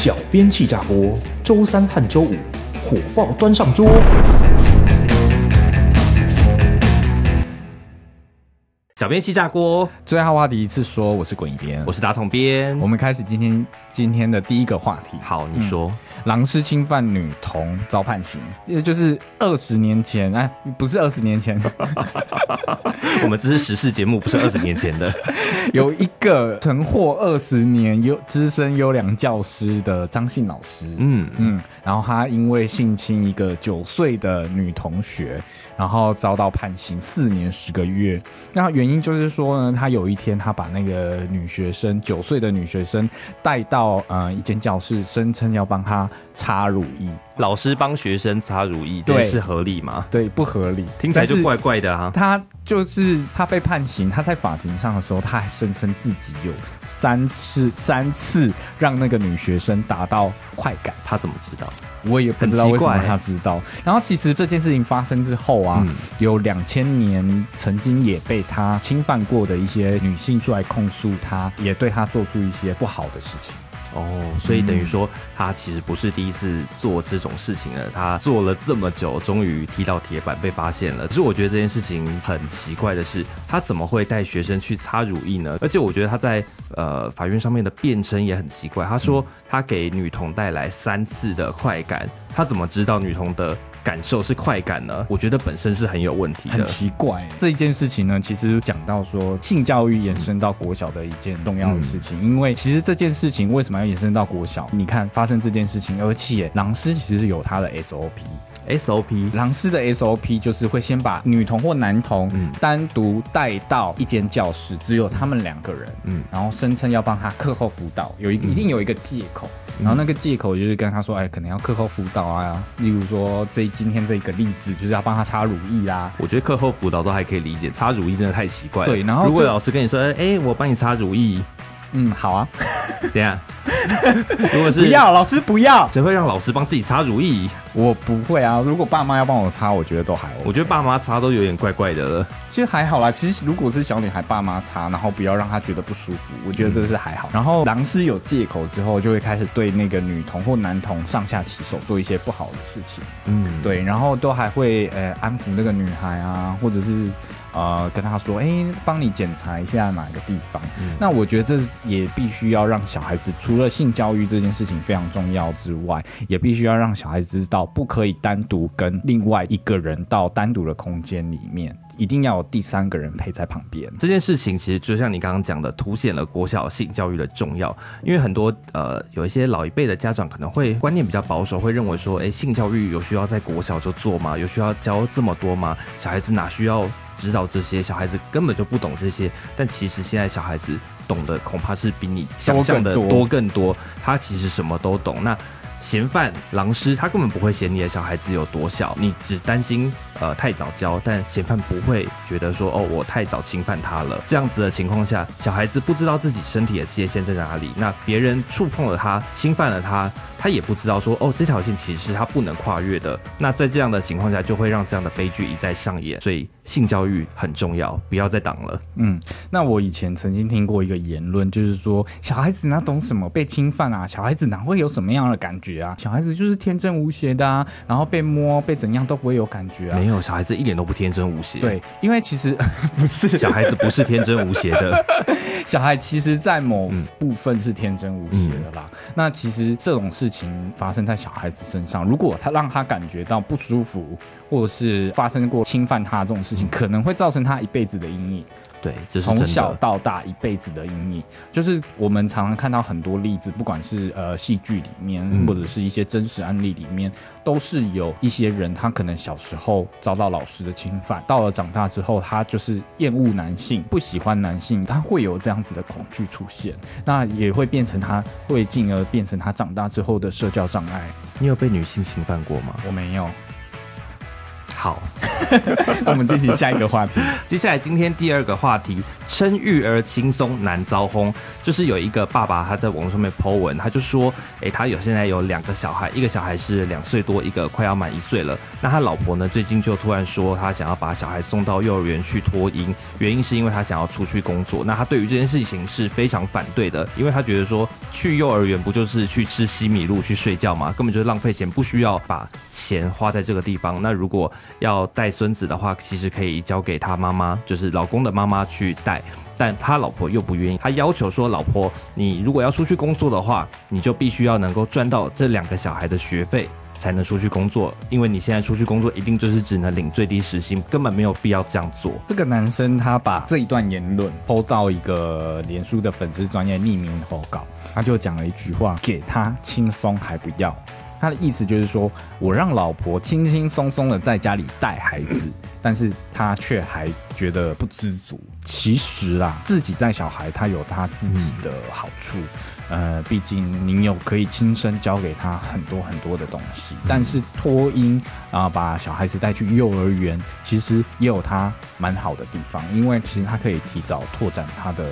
小編氣炸鍋，週三和週五火爆端上桌。編氣炸鍋，哦，最好話題一次說，我是滾一編，我是打統編。我們開始今天今天的第一個話題。好，你說，嗯、狼師侵犯女童遭判刑，就是二十年前啊，哎，不是二十年前， 我們這是時事節目，不是二十年前的。 有一個曾獲二十年優資深優良教師的張姓老師，嗯嗯，嗯，然後他因為性侵一個九歲的女同學，然後遭到判刑四年十個月。那原因。就是說呢，他有一天，他把那個女學生，九歲的女學生帶到呃、一間教室，聲稱要幫她擦乳液。老師幫學生擦乳液對，這是合理嗎？對，不合理，聽起來就怪怪的啊。他就是他被判刑，他在法庭上的時候，他還聲稱自己有三次、三次讓那個女學生達到快感。他怎麼知道？我也不知道為什麼他知道。欸、然後，其實這件事情發生之後啊、嗯，有兩千年曾經也被他侵犯過的一些女性出來控訴他，也對他做出一些不好的事情。哦，所以等於說他其實不是第一次做這種事情了，他做了這麼久，終於踢到鐵板被發現了。其實我覺得這件事情很奇怪的是，他怎麼會帶學生去擦乳液呢？而且我覺得他在呃法院上面的辯稱也很奇怪，他說他給女童帶來三次的快感，他怎麼知道女童的？感受是快感呢，我覺得本身是很有問題的，很奇怪、欸、這一件事情呢。其實講到說性教育延伸到國小的一件重要的事情、嗯，因為其實這件事情為什麼要延伸到國小？你看發生這件事情，而且狼師其實是有他的 SOP。SOP 狼師的 SOP 就是會先把女童或男童單獨帶到一間教室、嗯，只有他們兩個人，嗯，然後聲稱要幫他課後輔導，有一個、嗯、一定有一個借口、嗯，然後那個借口就是跟他說，哎，可能要課後輔導啊,啊，例如說這今天這個例子就是要幫他擦乳液啊。我覺得課後輔導都還可以理解，擦乳液真的太奇怪。對，然後如果老師跟你說，哎，我幫你擦乳液，嗯，好啊， 等下，如果是 不要老師不要，只會讓老師幫自己擦乳液？我不會啊，如果爸媽要幫我擦，我覺得都還、OK。我覺得爸媽擦都有點怪怪的了。其實還好啦，其實如果是小女孩，爸媽擦，然後不要讓她覺得不舒服，我覺得這是還好。嗯、然後狼師有借口之後，就會開始對那個女童或男童上下其手，做一些不好的事情。嗯，對。然後都還會呃安撫那個女孩啊，或者是呃跟她說，哎、欸，幫你檢查一下哪個地方。嗯、那我覺得這也必須要讓小孩子，除了性教育這件事情非常重要之外，也必須要讓小孩子知道。不可以單獨跟另外一個人到單獨的空間裡面，一定要有第三個人陪在旁邊。這件事情其實就像你剛剛講的，凸顯了國小性教育的重要。因為很多呃，有一些老一輩的家長可能會觀念比較保守，會認為說，哎，性教育有需要在國小就做嗎？有需要教這麼多嗎？小孩子哪需要？知道這些小孩子根本就不懂這些，但其實現在小孩子懂的恐怕是比你想象的多、多、多更多。他其實什麼都懂。那嫌犯狼師他根本不會嫌你的小孩子有多小，你只擔心呃太早教。但嫌犯不會覺得說，哦我太早侵犯他了。這樣子的情況下，小孩子不知道自己身體的界限，在哪裡那別人觸碰了他，侵犯了他，他也不知道說，哦這條線其實是他不能跨越的。那在這樣的情況下，就會讓這樣的悲劇一再上演。所以性教育。很重要，不要再擋了。嗯，那我以前曾經聽過一個言論，就是說小孩子哪懂什麼被侵犯啊？小孩子哪會有什麼樣的感覺啊？小孩子就是天真無邪的啊，然後被摸被怎樣都不會有感覺啊。沒有，小孩子一點都不天真無邪。嗯、對，因為其實呵呵不是小孩子不是天真無邪的。 小孩其實，在某部分是天真無邪的啦、嗯嗯。那其實這種事情發生在小孩子身上，如果他讓他感覺到不舒服，或者是發生過侵犯他這種事情，嗯、可能。會造成他一輩子的陰影，對，從小到大一輩子的陰影，就是我們常常看到很多例子，不管是呃戲劇裡面，或者是一些真實案例裡面，嗯，都是有一些人他可能小時候遭到老師的侵犯，到了長大之後，他就是厭惡男性，不喜歡男性，他會有這樣子的恐懼出現，那也會變成他會進而變成他長大之後的社交障礙。你有被女性侵犯過嗎？我沒有。好， 那我們進行下一個話題。 接下來，今天第二個話題，稱育兒輕鬆難遭轟，就是有一個爸爸，他在網絡上面 PO 文，他就說，哎、欸，他有現在有兩個小孩，一個小孩是兩歲多，一個快要滿一歲了。那他老婆呢，最近就突然說，他想要把小孩送到幼兒園去托嬰，原因是因為他想要出去工作。那他對於這件事情是非常反對的，因為他覺得說，去幼兒園不就是去吃西米露、去睡覺嘛，根本就是浪費錢，不需要把錢花在這個地方。那如果要帶孫子的話，其實可以交給他媽媽，就是老公的媽媽去帶，但他老婆又不願意。他要求說，老婆，你如果要出去工作的話，你就必須要能夠賺到這兩個小孩的學費，才能出去工作。因為你現在出去工作，一定就是只能領最低時薪，根本沒有必要這樣做。這個男生他把這一段言論拋到一個臉書的粉絲專頁匿名投稿，他就講了一句話：給他輕鬆還不要。他的意思就是說，我讓老婆輕輕鬆鬆的在家裡帶孩子，但是他卻還覺得不知足。其實啊，自己帶小孩他有他自己的好處，嗯、呃，畢竟你有可以親身教給他很多很多的東西。但是托嬰啊、呃，把小孩子帶去幼兒園，其實也有他蠻好的地方，因為其實他可以提早拓展他的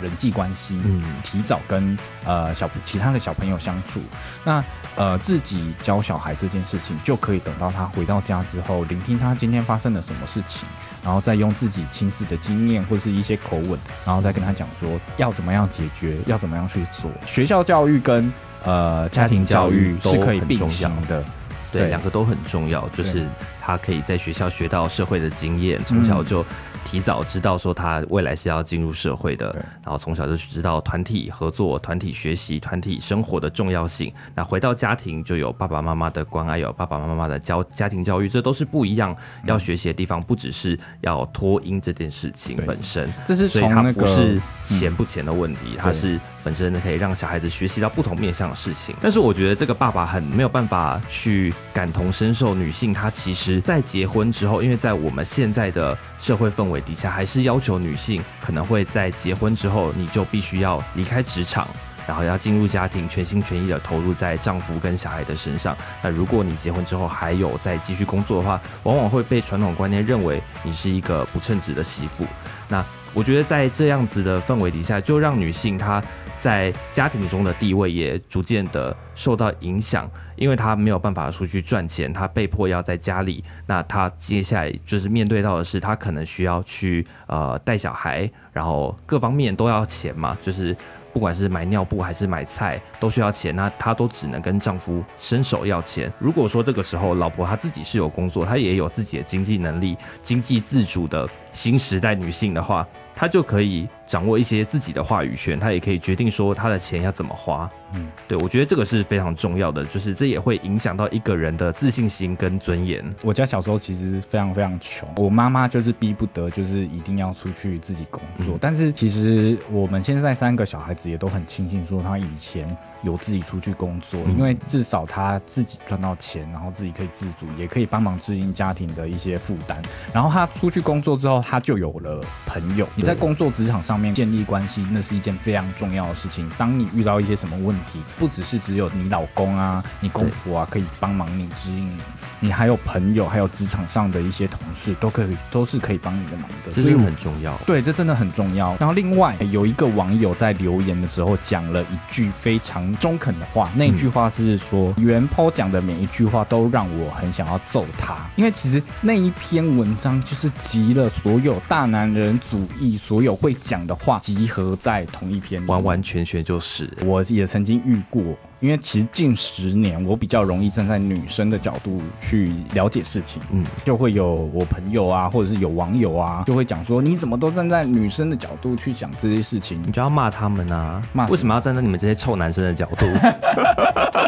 人際關係、嗯，提早跟呃小其他的小朋友相處。那呃，自己教小孩這件事情，就可以等到他回到家之後，聆聽他今天發生了什麼事情，然後再用自己親自的經驗或者。是一些口吻，然後再跟他講說要怎麼樣解決，要怎麼樣去做。學校教育跟呃家庭教育庭都是可以並行的，的對，兩個都很重要，就是。他可以在學校學到社會的經驗，從小就提早知道說他未來是要進入社會的，然後從小就知道團體合作、團體學習、團體生活的重要性。那回到家庭，就有爸爸媽媽的關愛，有爸爸媽媽的教家庭教育，這都是不一樣要學習的地方。不只是要托育這件事情本身，這是、那個、所以他不是錢不錢的問題、嗯，他是本身可以讓小孩子學習到不同面向的事情。但是我覺得這個爸爸很沒有辦法去感同身受，女性她其實。在結婚之後，因為在我們現在的社會氛圍底下，還是要求女性可能會在結婚之後，你就必須要離開職場。然後要進入家庭，全心全意的投入在丈夫跟小孩的身上。那如果你結婚之後還有再繼續工作的話，往往會被傳統觀念認為你是一個不稱職的媳婦。那我覺得在這樣子的氛圍底下，就讓女性她在家庭中的地位也逐漸的受到影響，因為她沒有辦法出去賺錢，她被迫要在家裡。那她接下來就是面對到的是，她可能需要去呃帶小孩，然後各方面都要錢嘛，就是。不管是買尿布還是買菜，都需要錢，那她都只能跟丈夫伸手要錢。如果說這個時候，老婆她自己是有工作，她也有自己的經濟能力，經濟自主的新時代女性的話。他就可以掌握一些自己的話語權，他也可以決定說他的錢要怎麼花。嗯，對，我覺得這個是非常重要的，就是這也會影響到一個人的自信心跟尊嚴。我家小時候其實非常非常窮，我媽媽就是逼不得，就是一定要出去自己工作，嗯。但是其實我們現在三個小孩子也都很慶幸說他以前有自己出去工作，嗯、因為至少他自己賺到錢，然後自己可以自主，也可以幫忙支應家庭的一些負擔。然後他出去工作之後，他就有了朋友。在工作職場上面建立關係，那是一件非常重要的事情。當你遇到一些什麼問題，不只是只有你老公啊、你公婆啊可以幫忙你、指引你，你還有朋友，還有職場上的一些同事，都可以都是可以幫你的忙的。這個很重要。對，這真的很重要。然後另外有一個網友在留言的時候講了一句非常中肯的話，那一句話是說：“嗯、原 po 講的每一句話都讓我很想要揍他，因為其實那一篇文章就是集了所有大男人主義。”你所有會講的話集合在同一篇，完完全全就是。我也曾經遇過。因為其實近十年，我比較容易站在女生的角度去了解事情，嗯，就會有我朋友啊，或者是有網友啊，就會講說，你怎麼都站在女生的角度去講這些事情？你就要罵他們啊，罵，為什麼要站在你們這些臭男生的角度？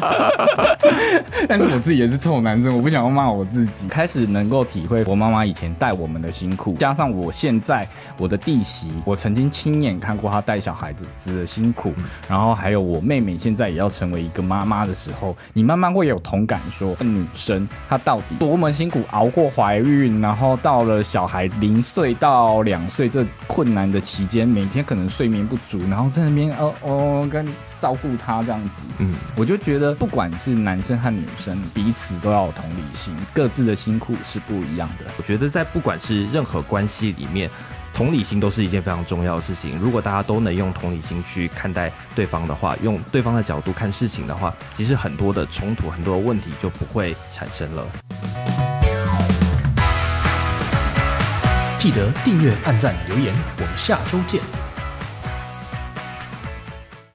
但是我自己也是臭男生，我不想要罵我自己。開始能夠體會我媽媽以前帶我們的辛苦，加上我現在我的弟媳，我曾經親眼看過她帶小孩子子的辛苦，嗯，然後還有我妹妹現在也要成為。一個媽媽的時候，你慢慢會有同感說，說女生她到底多麼辛苦熬過懷孕，然後到了小孩零歲到兩歲這困難的期間，每天可能睡眠不足，然後在那邊哦哦跟照顧她。這樣子，嗯，我就覺得不管是男生和女生，彼此都要有同理心，各自的辛苦是不一樣的。我覺得在不管是任何關係裡面同理心都是一件非常重要的事情。如果大家都能用同理心去看待對方的話，用對方的角度看事情的話，其實很多的衝突、很多的問題就不會產生了。記得訂閱、按讚、留言，我們下周見。